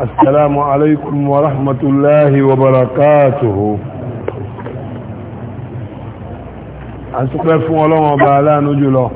السلام عليكم ورحمة الله وبركاته أسقف ولو وبالا نجله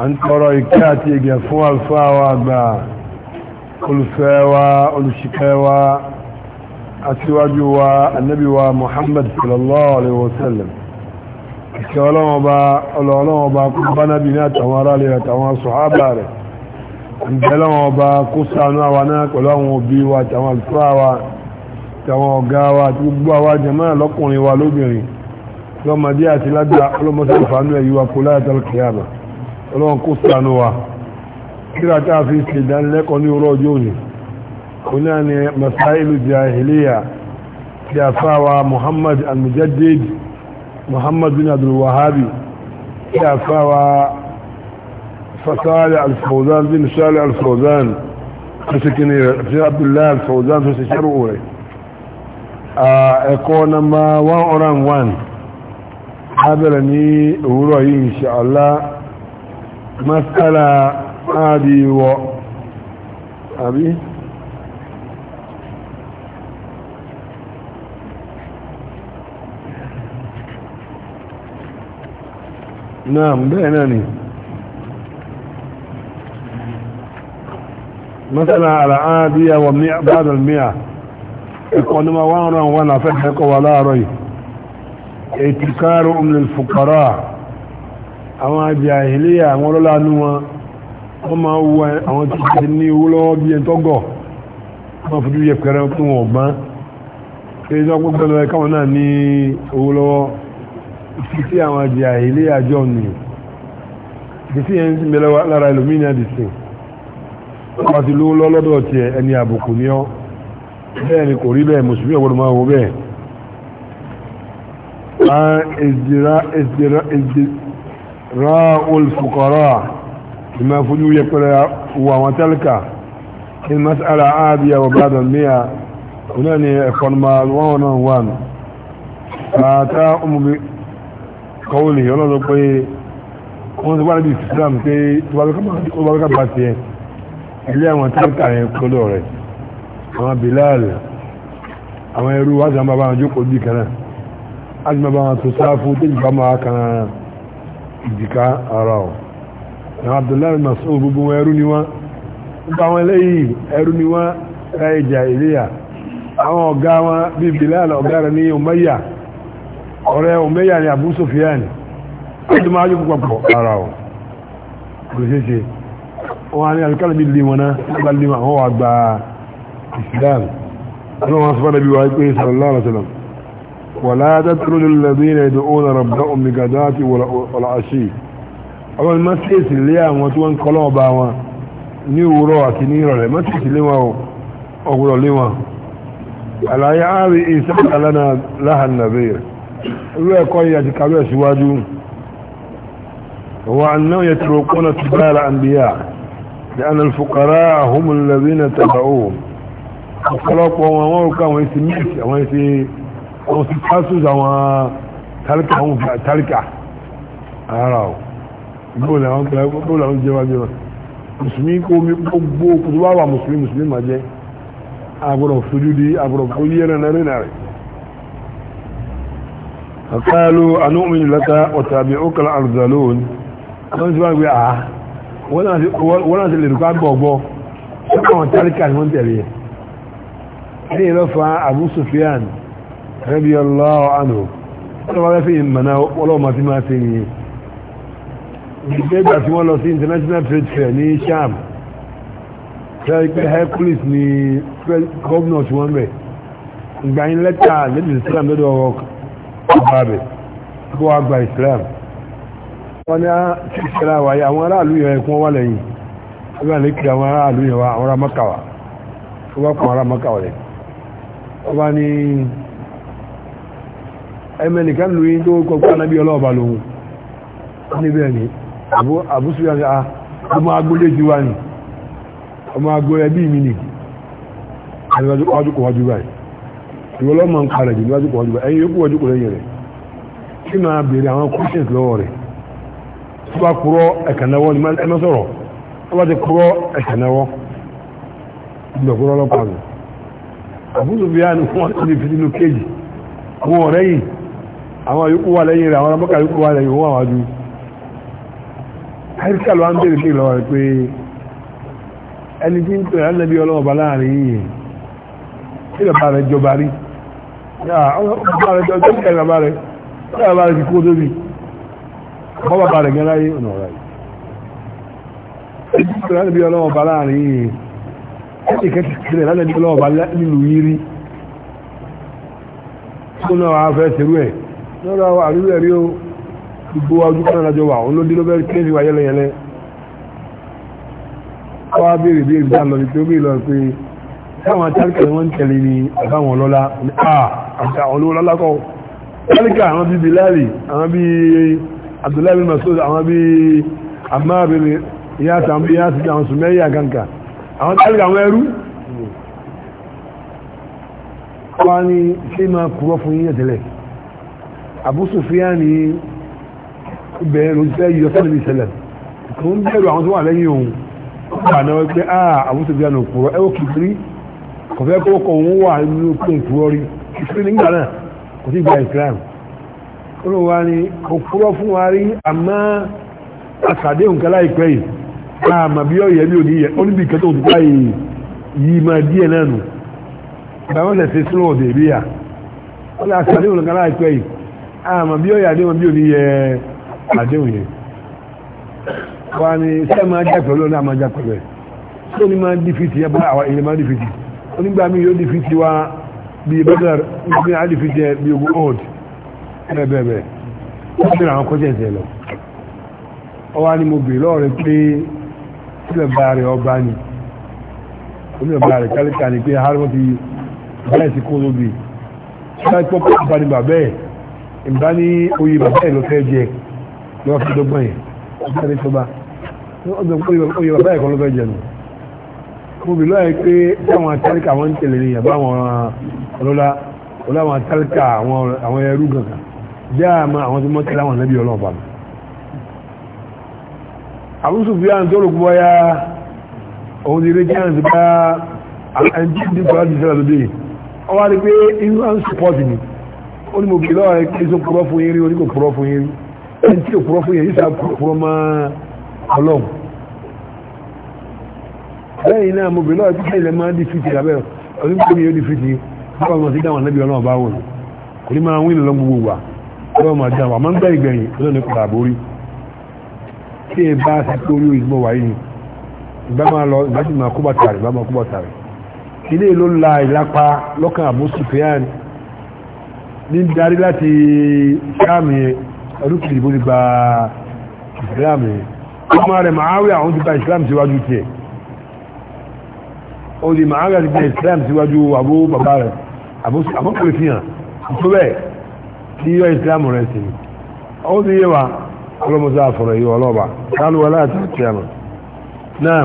à ń tọrọ ìkẹ́ àti ìgẹ̀ fún àlùfáà wa àgbà olùfẹ́ wa olùṣìkẹ́ wa aṣíwájú wa annabi wa muhammad sallallahu alaihi wasallam ìkẹ́ ọlọ́wọ́ bá ọlọ́wọ́ bá kú bá nábi ní àtàwọn aráàlẹ́ àtàwọn sọ̀hábà rẹ̀ ìbẹ̀lọ́wọ̀n ọba kó sànú àwa náà pẹ̀lú àwọn òbí wa tàwọn àlùfáà wa tàwọn ọ̀gá wa àti gbogbo àwa jẹ̀mọ́ lọ́kùnrin wa lóbìnrin lọ́mọdé àti lágbà ọlọ́mọsọ̀rọ̀ fàánú ẹ̀yí wa kó láyàtọ̀ kìíyàmà ọlọ́wọ̀n kó sànú wa kíra tá a fi ṣe فقال الفوزان بن مش الفوزان فسكني في عبد الله الفوزان فسكروه آه، اكون ما وان اوران وان قابلني وروي ان شاء الله مسألة هذه و ابي نعم بيناني مثلا على عادية ومئة بعد المئة يقول ما وارا وانا فحق ولا ري اتكار من الفقراء اما جاهلية مولو لانوا اما هو اما تتني ولو بيان توقو اما فجو يبكرا وطنو وبا إذا قلت له كما ناني ولو títí àwọn jàhílíyà àjọ ni títí yẹn ń sinmi lára ẹlòmínà dìsìn wọ́n ti lówó lọ́lọ́dọ̀ tiẹ̀ ẹni àbùkù ni ọ́ bẹ́ẹ̀ ni kò rí bẹ́ẹ̀ mùsùlùmí ọ̀gbọ́dọ̀ máa wọ bẹ́ẹ̀ ìdìrá olùfukọ́rọ́ ìmọ̀ fojú yẹpẹrẹ wọ àwọn tẹ́lẹ̀kà ní masala ààbíyà ọ̀bàdàn mìíà ọ̀nà ni ẹ̀kọ́nùmá 101 àtà ọmọbi kọ́wọ́lì ọlọ́dọ̀ pé wọ́n ti wá níbi ìsìlámù pé tó bá lọ́kà bá tiẹ̀ ilé àwọn táǹkà yẹn kọ́lọ̀ rẹ̀ àwọn bilal àwọn ẹrú wájà bàbá àwọn jókòó bí kan náà ájú bàbá àwọn tó sáfú tó jùlọ máa kan ìdìká ara ọ̀ àwọn abdullahi masu gbogbo wọn ẹrú ni wọn gbogbo àwọn eléyìí ẹrú ni wọn ẹ̀ẹ́jà ìléyà àwọn ọ̀gá wọn bí bilal ọ̀gá rẹ̀ ní umayya ọ̀rẹ́ umayya ni abu sofiyan ájú máa jókòó papọ̀ ara ọ̀ kò ṣeé ṣe wọ́n ní alikala mi lè wọ́ná nígbà lè wọ́n wà gba islam ọlọ́wọ́n sọ́fà nàbí wa pé sallallahu alaihi wasallam wàlá dátúrú lilladhina yad'una rabbahum bighadati wal ashi ọlọ́wọ́n má sí èsì lé àwọn tí wọ́n ń kọ́lọ́ ọba wọn ní òwúrọ̀ àti ní ìrọ̀lẹ́ má sí èsì lé wọn ọ̀gbọ̀rọ̀ lé wọn àlàyé àárín ìsáàlá irú ẹ̀kọ́ yìí àti kàwé síwájú wọ́n náà yẹ tìrọ̀kọ́nà tìbára àǹbíyà لأن الفقراء هم الذين تبعوهم ọ̀pọ̀lọpọ̀ wọn wọ́n rúkọ àwọn ẹsẹ̀ mẹ́ẹ̀sì àwọn ẹsẹ̀ àwọn sí pastors àwọn tálíkà àwọn tálíkà ara ọ̀ bóòlù àwọn bóòlù àwọn jẹ́ wájú wọn mùsùlùmí kó mi gbogbo kùtù wá wà mùsùlùmí mùsùlùmí mà jẹ́ agbọ̀dọ̀ fojú di agbọ̀dọ̀ kó yé rẹ̀ náà rẹ̀ náà rẹ̀. àkàlù anúmìnira ọ̀tàbí ó kàlà àrùdàlóòn wọ́n ti wá gbé àá wọ́n náà ti lè dùkọ́ gbọ̀gbọ́ sọ́kàn tálíkà ni wọ́n tẹ̀lé ní ìlọ́fà Abu Sufyan radiyallahu anhu wọ́n wọ́n fi mọ̀nà ọlọ́mọ tí máa ti yìí nígbà tí wọ́n trade fair ní sham tẹ́lẹ̀ pé Hercules ni gómìnà tí wọ́n rẹ̀ ìgbà yín lẹ́tà lẹ́dìí Islam lọ́dọ̀ ọ̀rọ̀ ọba rẹ̀ wọ́n ní ìṣẹ́lá ah, wáyé àwọn aráàlú yẹn ẹ̀kún wà lẹ́yìn ọgbọ́n lè kí àwọn aráàlú yẹn àwọn ará mọ́kàwà tó bá kún ará mọ́kàwà lẹ̀ wọ́n bá ní ẹmẹ nìkan tó kọ anábí ọlọ́ọ̀bà lòun wọ́n ní bẹ́ẹ̀ ni àbúsùyà ni a ah, ọmọ agbólé ti ni ọmọ agbólé bí mi nì wájú kò wájú báyìí ìwọlọ́mọ ń parẹ̀ jù wájú kò wájú báyìí ẹ̀yìn yókù wájú kò lẹ́yìn rẹ̀ kí máa béèrè àwọn questions lọ́wọ́ rẹ̀ tó bá kúrọ́ ẹ̀kànnáwọ́ ni ẹ má sọ̀rọ̀ tó bá ti kúrọ́ ẹ̀kànnáwọ́ ìgbà kúrọ́ ọlọ́pàá nù àbúrò bí i wọn ti fi nínú kéjì àwọn ọ̀rẹ́ yìí àwọn yòókù wà lẹ́yìn rẹ̀ àwọn ọmọkà yòókù wà lẹ́yìn wọn àwọn adúlù àìríkà ló wá ń bèèrè pé ìlọ́wọ́ rẹ̀ pé ẹni tí ń pè rẹ̀ bọ́bà bá rẹ̀ gẹ́láyé ọ̀nà ọ̀rọ̀ yìí ẹjú tó lánàbí ọlọ́wọ́ bá láàrin yìí ẹjú kẹ́kẹ́ sílẹ̀ lánàbí ọlọ́wọ́ bá nílùú yìí rí tó náà wà fẹ́ ṣerú ẹ̀ lọ́rọ̀ àwọn àríwú ẹ̀rí ó gbogbo ọdún kan lájọ wà ó lódé lọ́bẹ̀ kí ní wáyé lẹ́yẹlẹ́ wá béèrè bí èdè lọ tó bí lọ pé táwọn atálìkà wọn tẹ̀lé ni àbáwọn lọ́lá àti àwọn olówó lọ́lá kọ́ tálìkà àwọn bíi bilali àwọn bíi abdullahi bin masoud àwọn bí amábìnrin ìyá àtàwọn ìyá àti àwọn sùmẹ́yà kankan àwọn tàbí àwọn ẹrú wá ní ṣe máa kúrọ́ fún yíyàn tẹ́lẹ̀ Abu Sufyan ní bẹ̀rẹ̀ ló jẹ́ yíyọ sẹ́lẹ̀ ìṣẹ̀lẹ̀ tó ń bẹ̀rù àwọn tó wà lẹ́yìn òun wà pé ah Abu Sufyan ní kúrọ́ ẹwọ́ kìkiri kò fẹ́ kó kọ̀ òun wà nínú pé kúrọ́ rí kìkiri nígbà náà kò sí gba ìsìlámù ọlọ́run wa ni kò fúrọ́ fún wa rí àmọ́ àṣàdé nǹkan láìpẹ́ yìí àmà bí ọ̀yẹ́ bí òní yẹ oníbi ìkẹtọ̀ òtún báyìí yìí máa díẹ̀ náà nù bá wọ́n lẹ̀sẹ̀ sílọ̀ ọ̀dẹ̀ bí yà wọ́n lẹ̀ àṣàdé nǹkan láìpẹ́ yìí àmà bí ọ̀yẹ́ àdéhùn bí òní yẹ àdéhùn yẹn wa ni sẹ́ẹ̀ máa já pẹ̀lú ọ̀nà àmà já pẹ̀lú ẹ̀ tó ní máa dí fìtì yẹn bá àwọn èèyàn máa dí ẹ̀bẹ̀ẹ̀bẹ̀ wọ́n bèèrè àwọn kọjá ẹ̀sẹ̀ lọ ọwá ni mo bèèrè lọ́ọ̀rẹ́ pé sílẹ̀ bá rẹ̀ ọba ni onílẹ̀ bá rẹ̀ kálíkà ni pé harvard ti bẹ́ẹ̀ sí kó lóbi ṣáà pọ́ pọ́ bá ní bàbá ẹ̀ ìbá ní oyè bàbá ẹ̀ ló fẹ́ jẹ lọ́wọ́ fi dọ́gbọ́n yẹn ọba ní sọba oyè bàbá ẹ̀ kan ló fẹ́ jẹ nù mo bèèrè lọ́ọ̀rẹ́ pé táwọn kálíkà wọn ń tẹ̀lé ni àbáwọn ọlọ́lá ọlọ́wọ́n kálíkà àwọn ẹrú gangan dáàmà àwọn tí mọ́ tẹ́lá wọn lẹ́bí ọlọ́ọ̀bá mi Abu Sufyan tó rògbò ya òun ni rédíà ń bá àǹtí ní kọ́lá ti sẹ́lá lóde ọ wá rí pé inú à ń ni ó ní mo bèèrè lọ́wọ́ rẹ̀ kí n sọ purọ́ fún yín rí oníkò purọ́ fún yín rí ẹni tí kò purọ́ fún máa di fìtì ní yóò di fìtì lọ́wọ́ máa dáhùn àmọ́ ń gbẹ́ ìgbẹ̀yìn lọ́nà ní padà borí tí ẹ bá ṣe pé orí ìgbọ́ wáyé ni ìgbà máa lọ ìgbà tí máa kó bàtà rẹ̀ ìgbà máa kó bàtà rẹ̀ ilé ló ń la ìlápa lọ́kàn Abu Sufyan ní darí láti sáàmì ọdún kìlì bó ti gba ìsìlámù yẹn ọmọ rẹ̀ Muawiya àwọn ti gba ìsìlámù síwájú tiẹ̀ ó di Muawiya ti gba ìsìlámù síwájú àbó bàbá rẹ̀ àbó kò lè fi hàn tó bẹ́ẹ̀ ní yọ ìsìlámù rẹ̀ sí ni ó ti yé wa ọlọ́mọdé àfọ̀rọ̀ yìí ọlọ́ba kálùwà láti àti àmà náà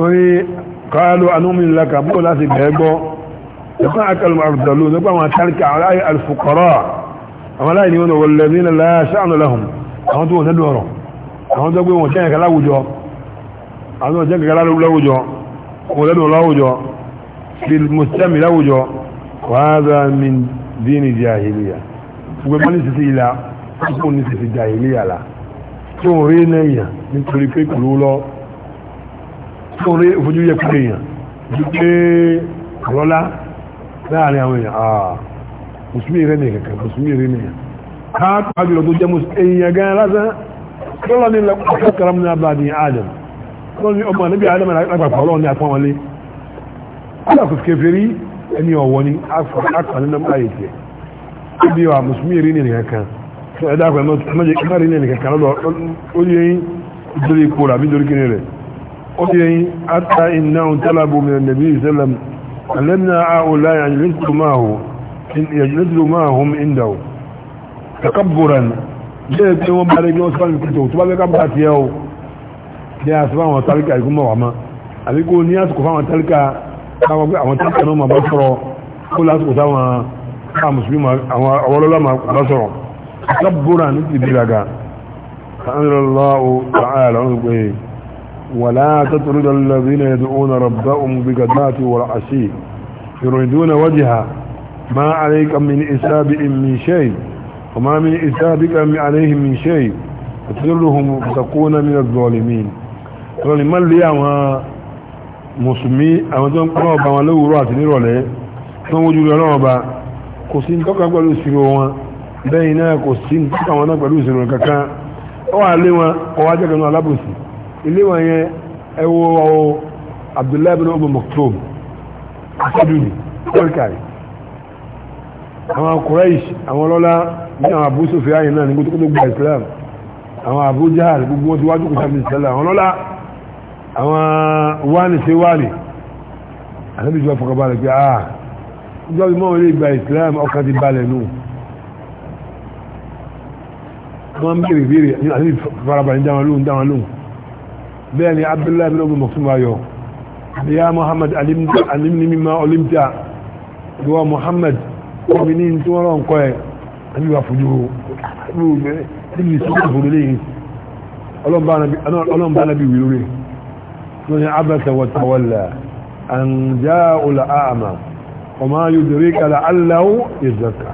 ó ní kálù anúmìnì laka bó láti gbẹ́gbọ́ ẹ̀kọ́ akẹ́lùmọ̀ àrùdàlú nípa àwọn àtàríkà aláì alfukọ́rọ̀ àwọn aláì ní wọn wọ lẹ́bí ní láṣáàánú lẹ́hùn àwọn tó wọn tẹ́lú ọ̀rọ̀ àwọn tó gbé wọn tẹ́yẹ̀ kaláwùjọ àwọn tó tẹ́yẹ̀ kaláwùjọ wọn tẹ́lú ọ̀rọ̀ láwùjọ dini jahiliya gbogbo ẹgbẹ́ ní sisi ìlà ọkùnrin ni sisi jahiliya la tí wọn rí lẹ́yìn nítorí pé kò ló lọ tí wọn rí ìfojú yẹ kúrò èèyàn ju pé àlọ́lá láàrin àwọn èèyàn àà ah, mùsùlùmí rẹ nìyẹn kankan mùsùlùmí rẹ nìyẹn ká pàjù lọ tó jẹ èèyàn gan lásán lọ́la ní lọ́kọ̀ karam ní abúlé ní adam lọ́la ni ọmọ níbi adam lápapọ̀ ọlọ́run ní apọ́nwọlé kọ́lá kò kẹfẹ́ rí ẹni ọ̀wọ́ ní àkànní náà ayé tiẹ̀ ibi wa mùsùlùmí rí ní nìkan kan tó ẹ̀dá àpẹ náà rí ní nìkan kan lọ ó di eyín ìdórí ipò rà bí ìdórí kiri rẹ̀ ó di eyín ata iná tálábù mi nàbí ìsẹ́lẹ̀m alẹ́mìnà àwòlá yàjúlẹ́tìlú máa hùm ìndà ò takabburan bẹ́ẹ̀ pé wọ́n bá rí bí wọ́n sọ́rọ̀ ìpìtò tó bá fẹ́ ká bá tiẹ̀ o bí a sọ káwọn pé àwọn tẹ́lẹ̀ náà máa bá sọ̀rọ̀ kó lásìkò táwọn káà mùsùlùmí àwọn ọlọ́lá máa bá sọ̀rọ̀ lábúrò àní ti bí laga mùsùlùmí àwọn tó ń pọ́n ọba wọn lówùúrọ̀ àti nírọ̀lẹ́ tó ń wojú lọ́wọ́ ọba kò sí ní tọ́ka pẹ̀lú ìṣirò wọn bẹ́yìn náà kò sí ní tọ́ka wọn náà pẹ̀lú ìṣirò kankan ó wà lé wọn ó wá jẹ́kẹ̀ẹ́ náà alábòsí ilé wọn yẹn ẹ wo Abdullahi bin Umm Maktum asaduni kọ́ríkàrí àwọn Quraysh àwọn ọlọ́lá ní àwọn Abu Sufyan náà ní gbogbo gba Islam àwọn Abu gbogbo wọn ti wájú kò sábì Islam àwọn ọlọ́lá àwọn wáni sí wáni àtàbí ìjọba fọkànbalẹ̀ pé àà ìjọba mọ́ orí ìgbà Islam ọkàn ti balẹ̀ nù wọ́n bèèrè bèèrè àti farabalẹ̀ dáwọn lóhun dáwọn lóhun bẹ́ẹ̀ ni Abdullahi bin Abu umm Maksum ayọ̀ ya Muhammad alimni mimma olimta wa Muhammad omi ní tí wọ́n rán kọ́ ẹ̀ àti wà fojú ọlọ́mbà náà bí من عبس وتولى أن جاء الأعمى وما يدريك لعله يذكر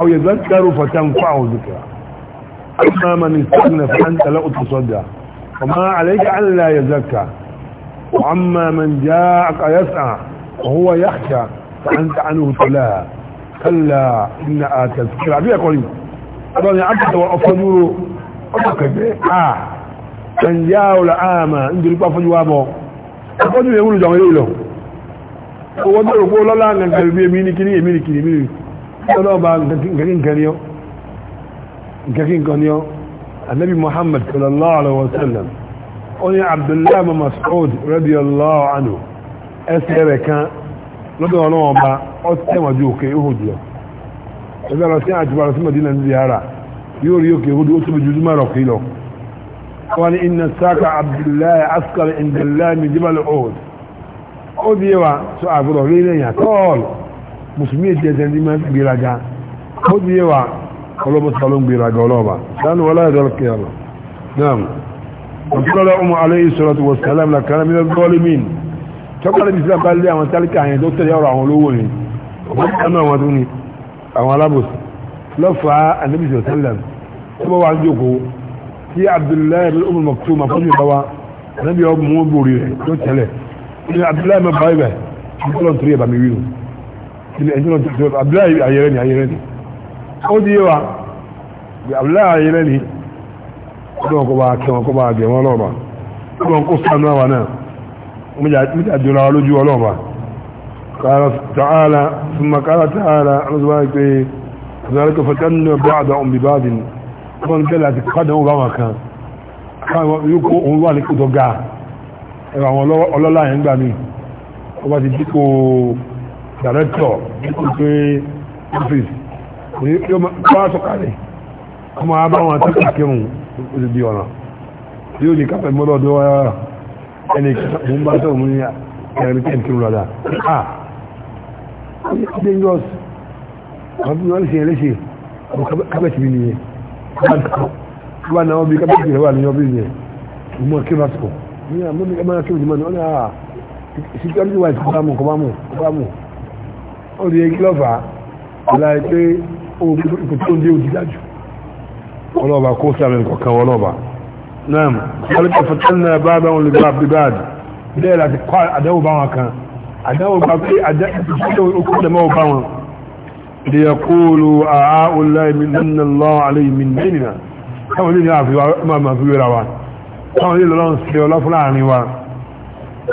أو يذكر فتنفعه ذكرى أما من استغنى فأنت لا تصدى وما عليك أن لا يذكر وأما من جاءك يسعى وهو يخشى فأنت عنه تلاها كلا إنها تذكرى بيقولي أبني عبد وأفضل أبقى بيه آه kànjá ọ̀là àmà ń dirí pa fọ́jú wa bọ̀ ọkọ́jú mi wúlò jọ̀wọ́ ilé lọ owó tó rò pé ọlọ́lá nǹkan bí èmi ní kíní èmi ní kíní èmi ní ọlọ́ọ̀bá nǹkan ní ọ annabi muhammad sallallahu alaihi wasallam ó ní abdullahi mas'ud radiyallahu anhu ẹsẹ̀ rẹ̀ kan lọ́dọ̀ ọlọ́ọ̀bá ó tẹ́wọ̀n ju òkè ihò jùlọ ẹgbẹ́ lọ sí àjùbọ̀ lọ sí madina ní ziyara yóò rí òkè ihò tó bí jùlọ wani inna saka abdullahi askar indillahi min jibal ohud ó di yẹwa sọ àgbọ̀dọ̀ rí lẹ́yìn àtọ́ọ̀l musulmi ètò ẹ̀sẹ̀ ní máa gbéraga ó di yẹwa ọlọ́bọ̀sọ̀ ló ń gbéraga ọlọ́ba sanu wọlé ẹ̀dọ́ kẹrọ náà ọ̀tọ́lọ́ ọmọ alayhi sọ́lọ́tù wọ sàlám la kàrà mílẹ̀ bọ́ọ̀lì mín tọ́kọ̀lẹ̀ bí sílẹ̀ bá lé àwọn tálíkà yẹn tó tẹ̀lé ọ̀rọ̀ àwọn olówó ni wọ́n sánú àwọn tó àwọn alábòsí lọ́fàá ànábìsọ̀ sálẹ̀ tó bá wà ń jókòó tí abdullahi bin umar maktum afọ́jú ìbáwá ẹ̀nàbí ọmọ wọn bòrì rẹ̀ tó tẹ̀lẹ̀ ní abdullahi bin báyìí bẹ̀ ìtọ́lọ̀ torí ẹ̀bà mi wíwò ní ẹ̀jọ́lọ̀ torí abdullahi ayẹrẹ ni ayẹrẹ ni ó di wa abdullahi ayẹrẹ ni ọdún ọkọ̀ bá kẹwọn kọ́ bá gẹ̀ wọn lọ́ọ̀bà ọdún kó sánú àwọn náà mẹ́jà jọra wa lójú ọlọ́ọ̀bà ta'ala summa qala ta'ala ọlọ́sọ̀bá pé ذلك فتن بعضهم ببعض wọ́n bẹ́ẹ̀ láti kọ́dọ̀ wọn bá wọn kan yóò kó òun wà ní kòtò ga ẹ̀rọ àwọn ọlọ́lá yẹn gbà mí ọba ti dípò dàrẹ́tọ̀ dípò pé ọ́fíìsì yóò máa sọ̀kalẹ̀ ọmọ abá wọn àtàkì kírun ó ti di ọ̀nà yóò ní káfẹ́ mọ́lọ́ ọdún wáyà ẹni mú bá sọ̀rọ̀ mú ní ẹ̀rẹ́ tẹ̀ kírun ah ó yẹ kí dangerous wọ́n fi wọ́n ṣe ẹlẹ́ṣẹ̀ kábẹ́tì mi nìyẹn wà náà wọ́n bí kábíyèsí rẹ̀ wà ní ọbí yẹn ìmọ̀ kí ló sọ ní àmọ́ mi máa kí ló dìmọ̀ ní ọ̀nà àà security wise kọ́ bá mú kọ́ bá mú kọ́ bá mú ó di egi lọ́fà láì pé ó ipò tó ń dé òjì dájú ọlọ́ọ̀bà kó sáré kọ̀ọ̀kan ọlọ́ọ̀bà náà kálíkà fẹ́tẹ́nà bábá wọn lè gba bíbáàdì bẹ́ẹ̀ láti kọ́ o bá wọn kan o bá pé àdáwò bá wọn ليقولوا أعاء الله من أن الله عليه من ديننا كما دين يعفي ما ما في وراء كما دين الله سبحانه ولا فلاني وان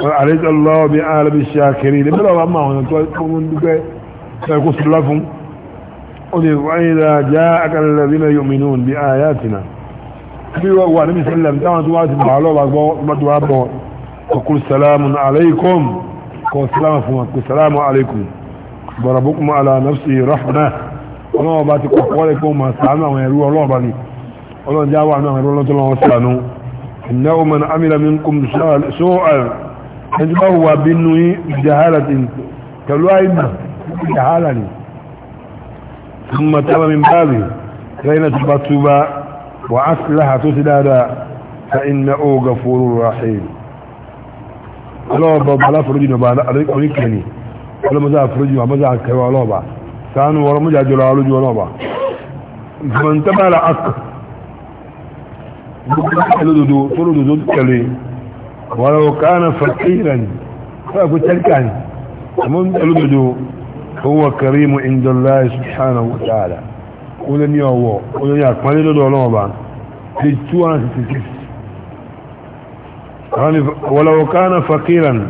وعليك الله بآل بالشاكرين بلا ما هو تقولون بك فيقول سلفهم وإذا جاءك الذين يؤمنون بآياتنا في وقوع نبي صلى الله عليه وسلم كما تواتي بعلوه وقل سلام عليكم وقل سلام عليكم ضربكم على نفسه رحمة ولو باتك أقوالكم ما سعنا ويروا الله بني ولو جاوعنا ويروا الله تلو وسعنوا إنه من عمل منكم سؤال سؤال حجبه وابنه بجهالة كلوا إنا بجهالة ثم تاب من بابه غينة بطوبة وعسلها تسدادا فإنه غفور رحيم ولو بضل فرجنا بعد أريك أريكني ولا مزاح فرجي ولا مزاح كيوالو ولو كان فقيرا فأكو من تلو هو كريم عند الله سبحانه وتعالى قول اني هو قول اني اكمل دو دو با ولو كان فقيرا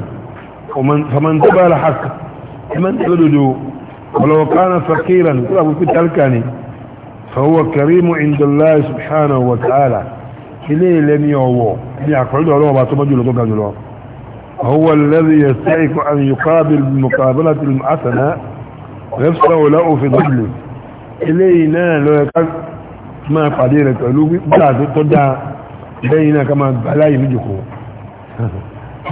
ومن فمن تبع الحق من تلدو ولو كان فقيرا فهو كريم عند الله سبحانه وتعالى إليه لم يعوه هو الذي يستحق أن يقابل مقابلة المعثنة نفسه له في ظله إلينا لو يكاد ما قدير تقلوبي بلا تدع بينا كما بلاي مجكو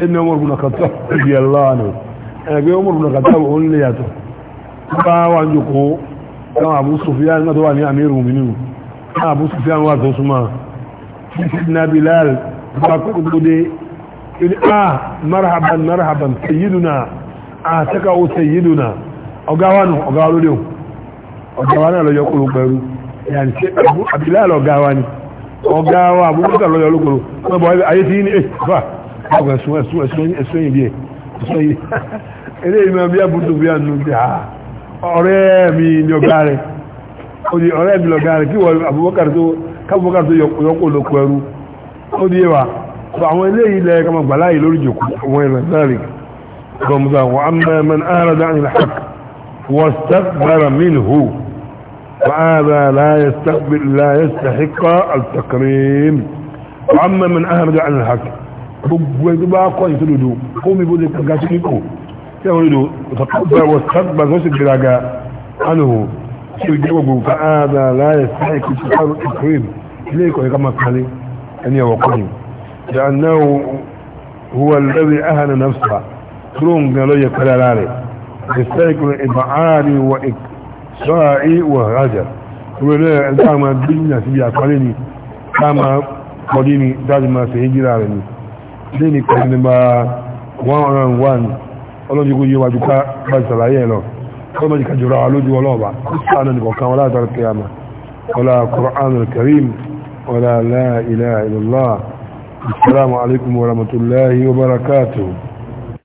إن عمر بن الخطاب رضي الله عنه ẹgbẹ́ Umar ibn Khattab òun lè yàtọ̀ bá wà ń jòkó láwọn Abu Sufyan náà tó wà ní àmìrù mìíràn náà Abu Sufyan wà tó súnmọ́ na Bilal bá kókò tó dé ilé a ah, marhaban marhaban sayyiduna a saka o sayyiduna ọgáwà nù ọgáwà lóde ọgáwà náà lọ yọkùnrin ayé tí ní ẹ̀ eh, fà ẹ̀sùn ẹ̀sùn ẹ̀sùn ẹ̀sùn ẹ̀sùn ẹ̀sùn ilé ìmọ̀ bí abúdó bí ànú bí a ọ̀rẹ́ mi ni ọ̀gá rẹ̀ ó di ọ̀rẹ́ mi lọ̀gá rẹ̀ kí wọ́n Abubakar tó kábùbọ́kà tó yọkó lókù ẹrú ó di ẹwà àwọn ilé ilẹ̀ kama gbàlá yìí lórí jòkó àwọn ìlànà sáré rọmùsà wọn á mẹ́ mẹ́ni ara dá ní hàk wọ́n sàkbára min hù وهذا لا يستحق التكريم وأما من أهرج عن الحق gbogbo ẹni tó bá kọ́ ìtò lòdò kó mi bó ṣe kàga sí kíkò tí àwọn lòdò ọ̀tọ̀kọ̀gbà wọ̀tọ̀kọ̀gbà tó ṣe gbèraga ánùhù tí ó jẹ́ gbogbo nǹkan áàdà láyé sáì kí ṣùgbọ́n ìkírìm ilé ìkọ̀ ẹ̀ka máa kalẹ̀ ẹni ọ̀wọ̀ kọ́ ni da náà huwa lẹ́bi ahànà nafsa tó ń gan lọ́yẹ pẹ́lẹ́ ara rẹ̀ da sáì kí ìbá ààrẹ lẹ́ni pẹ̀lú nígbà 101 ọlọ́jọ́ kó yé wájú ká bá ìsàlàyé ẹ̀ lọ ọlọ́jọ́ ká jùlọ alójú ọlọ́ọ̀bá sánà nìkan kan wọlá àtàrí kẹyàmà wọlá Qur'an al-Karim wọlá la ilaha illallah assalamu alaikum wa rahmatullahi